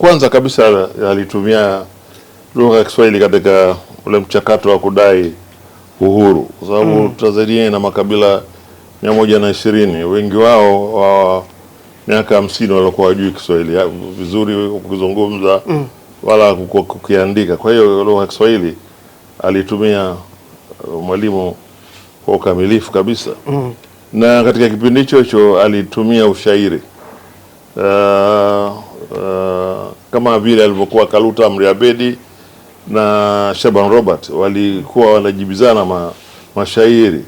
Kwanza kabisa alitumia lugha ya Kiswahili katika ule mchakato wa kudai uhuru, kwa sababu mm. Tanzania ina makabila mia moja na ishirini, wengi wao wa miaka hamsini walikuwa wajui Kiswahili vizuri kukizungumza mm. wala kukiandika. Kwa hiyo lugha ya Kiswahili alitumia uh, Mwalimu kwa ukamilifu kabisa mm. na katika kipindi hicho hicho alitumia ushairi uh, kama vile alivyokuwa Kaluta Mriabedi na Shaban Robert walikuwa wanajibizana ma, mashairi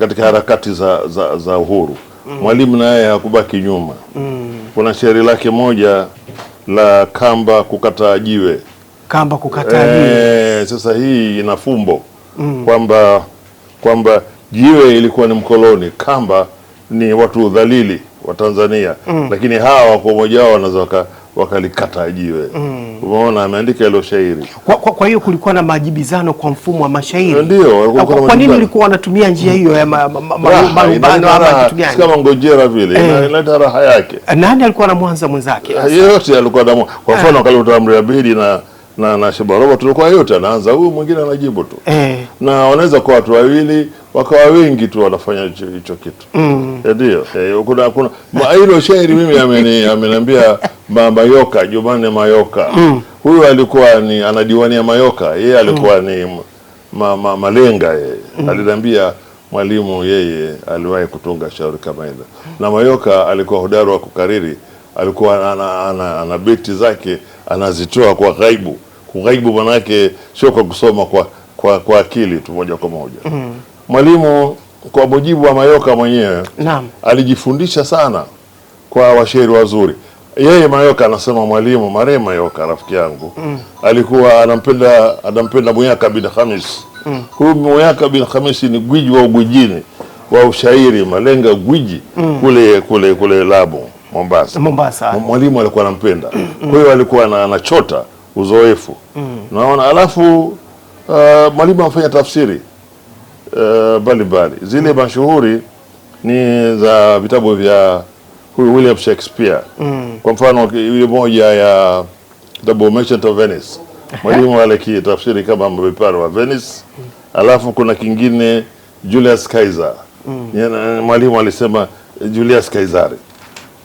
katika harakati za, za, za uhuru mm. Mwalimu naye hakubaki nyuma mm. Kuna shairi lake moja la kamba kukata jiwe, kamba kukata jiwe. E, sasa hii ina fumbo mm. kwamba kwamba jiwe ilikuwa ni mkoloni, kamba ni watu dhalili wa Tanzania mm. Lakini hawa kwa umoja wao wanaweza wakalikata jiwe. Mm. Umeona, ameandika hilo shairi. Kwa, kwa, kwa hiyo kulikuwa na majibizano kwa mfumo wa mashairi. Ndio, kwa nini walikuwa wanatumia njia hiyo ya ama kitu gani? Kama ngojera vile eh, inaleta raha yake. Eh, nani alikuwa na mwanza mwenzake? Eh, yeyote alikuwa na kwa mfano ah, eh. kale utamri bidi na na na Shabaroba tulikuwa yote anaanza huyu mwingine anajibu tu eh, na wanaweza kuwa watu wawili wakawa wengi tu wanafanya hicho kitu mm. ndio. Mm. E, kuna kuna hilo shairi mimi ameniambia Mayoka, Jumanne Mayoka mm. Huyu alikuwa ni anadiwania Mayoka, yeye alikuwa mm. ni ma, ma, malenga yeye mm. aliniambia mwalimu, yeye aliwahi kutunga shauri kama hilo mm. na Mayoka alikuwa hodari wa kukariri, alikuwa ana, ana, ana beti zake anazitoa kwa ghaibu. Kughaibu manake sio kwa kusoma kwa, kwa, kwa akili tu moja kwa moja mm. Mwalimu kwa mujibu wa Mayoka mwenyewe naam, alijifundisha sana kwa washairi wazuri yeye Mayoka anasema mwalimu Mare Mayoka rafiki yangu mm. alikuwa anampenda anampenda Muyaka bin Khamis mm. huyu Muyaka bin Khamis ni gwiji wa ugwijini wa ushairi malenga gwiji mm. kule kule kule Lamu Mombasa. Mombasa. Mwalimu alikuwa anampenda mm. kwa hiyo alikuwa anachota uzoefu mm. naona alafu uh, mwalimu anafanya tafsiri mbalimbali eh, uh, zile mashuhuri ni za vitabu vya huyu William Shakespeare mm. Kwa mfano ile moja ya The Merchant of Venice, mwalimu wale kitafsiri kama mabepari wa Venice. Alafu kuna kingine Julius Kaiser mm. mwalimu alisema Julius Caesari,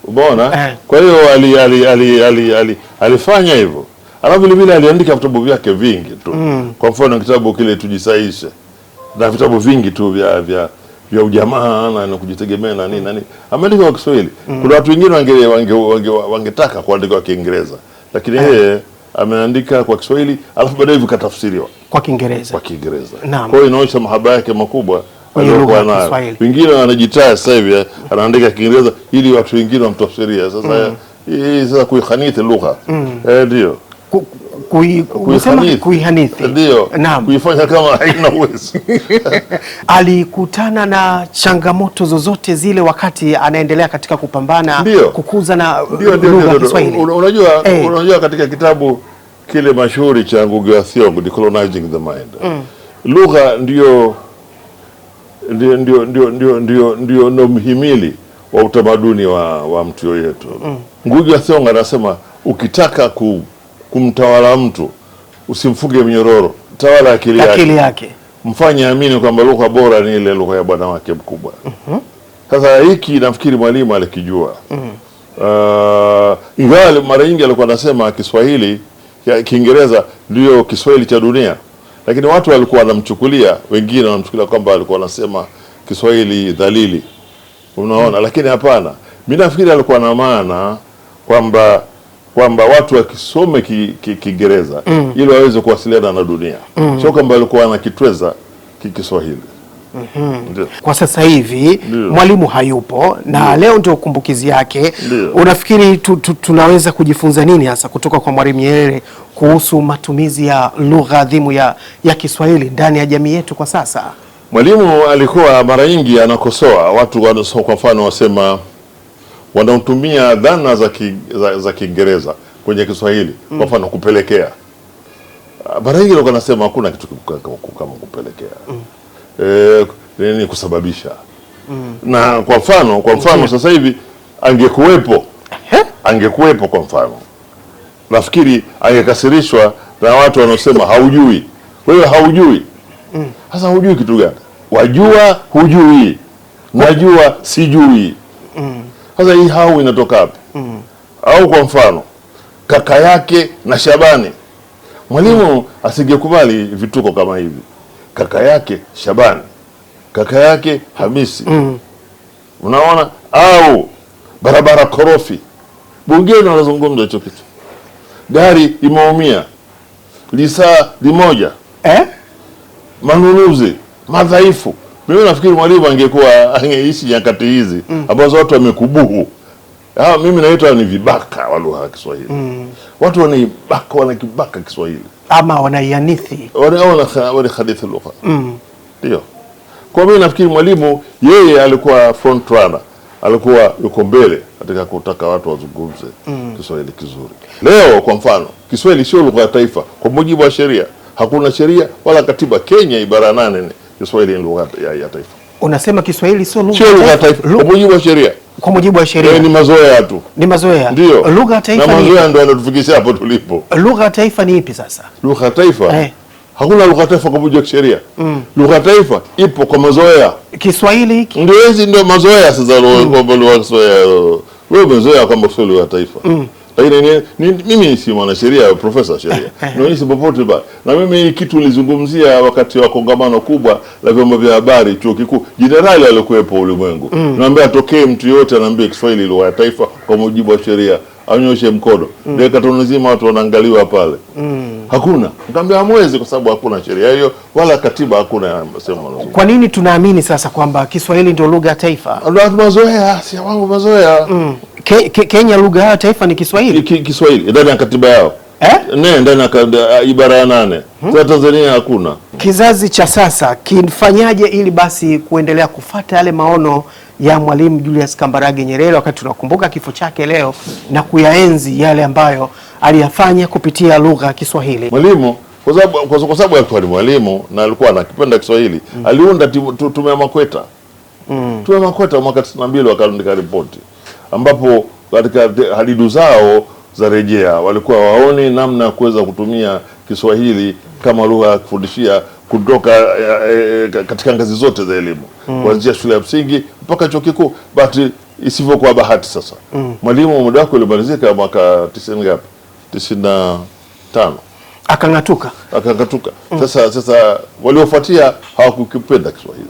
umeona? Eh. Kwa hiyo ali, ali, ali, ali, ali, alifanya hivyo, alafu vilevile aliandika vitabu vyake vingi tu mm. kwa mfano kitabu kile tujisaishe na vitabu vingi tu vya vya ya ujamaa na, na kujitegemea na nini na nini. Ameandika kwa Kiswahili mm. Kuna watu wengine wangetaka wange, wange, wange kuandika kwa Kiingereza lakini eh. yeye eh. ameandika kwa Kiswahili alafu baadaye katafsiriwa kwa Kiingereza kwa Kiingereza. Kwa hiyo inaonyesha mahaba yake makubwa aliyokuwa nayo. Wengine wanajitaya sasa hivi eh, anaandika Kiingereza ili watu wengine wamtafsirie. sasa mm. Eh, hii sasa kuikhaniti lugha mm. eh, ndio kuihanithi, kuifanya kama haina uwezo. Alikutana na changamoto zozote zile wakati anaendelea katika kupambana dio, kukuza na lugha ya Kiswahili? Unajua, hey, eh. unajua katika kitabu kile mashuhuri cha Ngugi wa Thiong'o Decolonizing the Mind mm, lugha ndio ndio ndio ndio ndio ndio ndio ndio mhimili wa utamaduni wa, wa mtu yeyote mm. Ngugi wa Thiong'o anasema ukitaka ku kumtawala mtu usimfunge mnyororo, tawala akili yake, akili yake, mfanye amini kwamba lugha bora ni ile lugha ya bwana wake mkubwa. mm-hmm. hiki nafikiri mwalimu alikijua. mm-hmm. Uh, ingawa mara nyingi alikuwa anasema Kiswahili Kiingereza ndio Kiswahili cha dunia, lakini watu walikuwa wanamchukulia, wengine wanamchukulia kwamba alikuwa anasema Kiswahili dhalili, unaona. mm-hmm. Lakini hapana, mimi nafikiri alikuwa na maana kwamba kwamba watu wakisome Kiingereza ki, mm. ili waweze kuwasiliana na dunia mm. sio kwamba walikuwa wanakitweza Kikiswahili. Mm -hmm. Kwa sasa hivi Mwalimu hayupo na Ndiyo. Leo ndio kumbukizi yake Ndiyo. Unafikiri tu, tu, tunaweza kujifunza nini hasa kutoka kwa Mwalimu Nyerere kuhusu matumizi ya lugha adhimu ya, ya Kiswahili ndani ya jamii yetu kwa sasa? Mwalimu alikuwa mara nyingi anakosoa watu, kwa mfano wasema wanaotumia dhana za za Kiingereza kwenye Kiswahili kwa mm. mfano kupelekea ah, mara nyingi nasema hakuna kitu kama kupelekea mm. E, nini kusababisha mm. na kwa mfano kwa mfano mm. sasa hivi angekuwepo angekuwepo kwa mfano nafikiri angekasirishwa na watu wanaosema haujui wewe haujui mm. sasa mm. haujui kitu gani wajua hujui najua sijui mm. Sasa hii hau inatoka wapi? mm. au kwa mfano kaka yake na Shabani Mwalimu mm. asingekubali vituko kama hivi. Kaka yake Shabani, kaka yake Hamisi mm. unaona, au barabara korofi. Bungeni wanazungumza hicho kitu, gari imeumia lisaa limoja eh? manunuzi madhaifu mimi nafikiri mwalimu angekuwa angeishi nyakati hizi mm. ambazo watu wamekubuhu. Ah, mimi naitwa ni vibaka wa lugha ya Kiswahili mm. watu wanaibaka, wanakibaka Kiswahili ama wanaianithi, wanahadithi lugha mm. ndio. Kwa mimi nafikiri mwalimu yeye alikuwa front runner, alikuwa yuko mbele katika kutaka watu wazungumze mm. Kiswahili kizuri. Leo kwa mfano, Kiswahili sio lugha ya taifa kwa mujibu wa sheria. Hakuna sheria wala katiba Kenya, ibara nane Kiswahili ni lugha ya, ya taifa. Unasema Kiswahili sio lugha ya taifa kwa mujibu wa sheria, kwa mujibu wa sheria yaani ni mazoea tu, ni mazoea ndio lugha ya taifa, na mazoea ndio yanatufikisha hapo tulipo. Lugha ya taifa ni ipi sasa? Lugha ya taifa eh. Hakuna lugha ya taifa kwa mujibu wa sheria mm. Lugha ya taifa ipo kwa mazoea. Kiswahili hiki ndio hizi ndio mazoea sasa, lugha ya mm. Kiswahili wewe umezoea kwamba sio lugha ya taifa mm. Lakini mimi si mwanasheria, profesa sheria nisi popote ba na mimi kitu nilizungumzia wakati wa kongamano kubwa la vyombo vya habari chuo kikuu, jenerali aliokuwepo ulimwengu mm. naambia atokee mtu yoyote anaambia Kiswahili lugha ya taifa kwa mujibu wa sheria anyoshe mkono mm. dakika tano nzima watu wanaangaliwa pale mm. hakuna, nikamwambia hamwezi kwa sababu hakuna sheria hiyo wala katiba hakuna sema. Kwa nini tunaamini sasa kwamba Kiswahili ndio lugha ya taifa? Mazoea, si wangu mazoea mm. Ke, ke, Kenya lugha yao taifa ni Kiswahili. Ki, Kiswahili ndani ya katiba yao eh? Ne, ndani ya uh, ibara ya nane hmm. Kwa Tanzania hakuna. Kizazi cha sasa kifanyaje ili basi kuendelea kufata yale maono ya Mwalimu Julius Kambarage Nyerere wakati tunakumbuka kifo chake leo na kuyaenzi yale ambayo aliyafanya kupitia lugha ya Kiswahili. Mwalimu kwa sababu kwa sababu alikuwa ni mwalimu na alikuwa anakipenda Kiswahili mm. Aliunda tume ya Makweta mm. Tume ya Makweta mwaka 92 wakaandika ripoti ambapo katika hadidu zao za rejea walikuwa waoni namna ya kuweza kutumia Kiswahili kama lugha ya kufundishia kutoka e, katika ngazi zote za elimu mm. kuanzia shule ya msingi mpaka chuo kikuu, but isivyokuwa bahati sasa mm. mwalimu muda wake ulimalizika mwaka tisini ngapi, tisini na tano akang'atuka akang'atuka. mm. Sasa, sasa waliofuatia hawakukipenda Kiswahili.